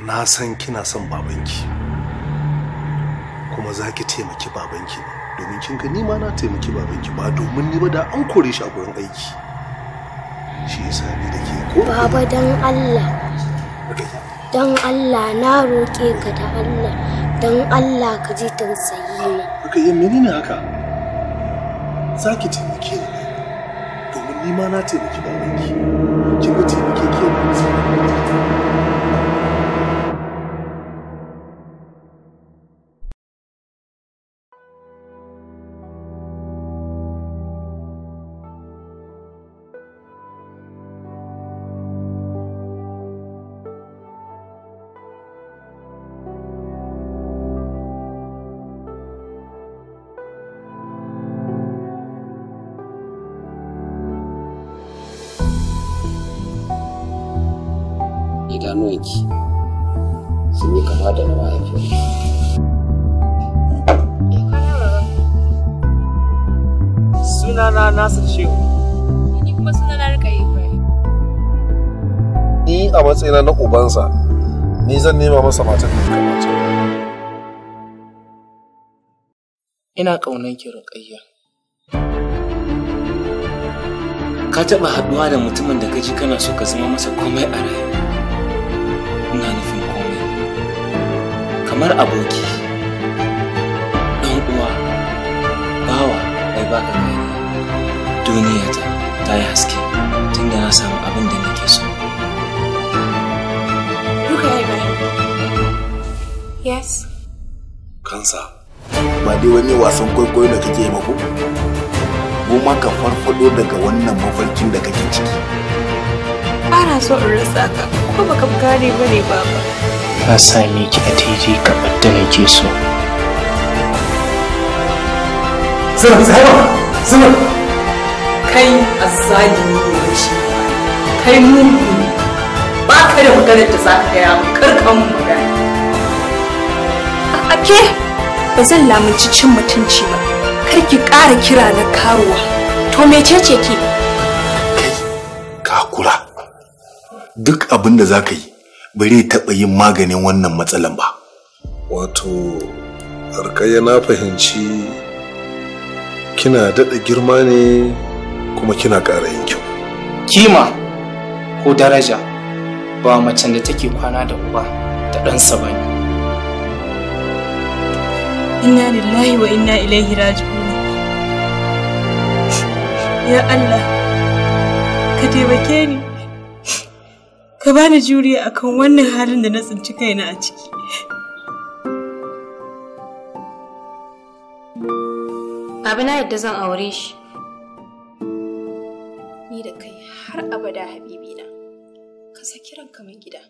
na san kina son babanki kuma za ki taimaki babanki ne domin kin ga nima na taimaki babanki ba domin ni ba da an kore shi a gurin aiki shi yasa ni da ke ko baba dan Allah dan Allah na roƙe ka da Allah dan Allah ka ji tausayi ne haka yin menene haka za ki taimake ni domin nima na taimaki babanki kin ga taimake ke ne idanuwanki sun yi kama da na suna na nasa ce ni kuma na rika ibrahim ni a matsayina na ubansa ni zan nema masa matan da kamata ina ƙaunar ki rukayya ka taɓa haɗuwa da mutumin da ka ji kana so ka zama masa komai a rayuwa ina nufin komai kamar aboki ɗan uwa bawa mai baka kai duniya ta ta yi haske tun da na samu abin da nake so duka yes kansa ba dai wani wasan kwaikwayo da kake mako ko ma ka farfado daga wannan mafarkin da kake ciki kana so in rasa ka ko baka gane ba ne ba. ka same ki a titi kamar da nake so Zina, Zina, Zina. Kai azzalimi ne mai shi. Kai mugu ne. Ba ka da maganar da za ka gaya mu karkan magana. A ake ba zan lamunci cin mutunci ba. Kar ki ƙara kira na karuwa. To mecece ke? duk abin da za ka yi bari taɓa yin maganin wannan matsalan ba. Wato, harkayya na fahimci kina daɗa girma ne kuma kina ƙara yin kyau. Kima ko daraja ba macen da take kwana da uba da ɗansa ba ne. Inna lillahi wa inna ilaihi raji'un. Ya Allah, ka taimake ni. ka bani juriya akan wannan halin da na tsinci kaina a ciki Abu na yadda zan aure shi. Ni da kai har abada habibi na. Ka saki ranka min gida.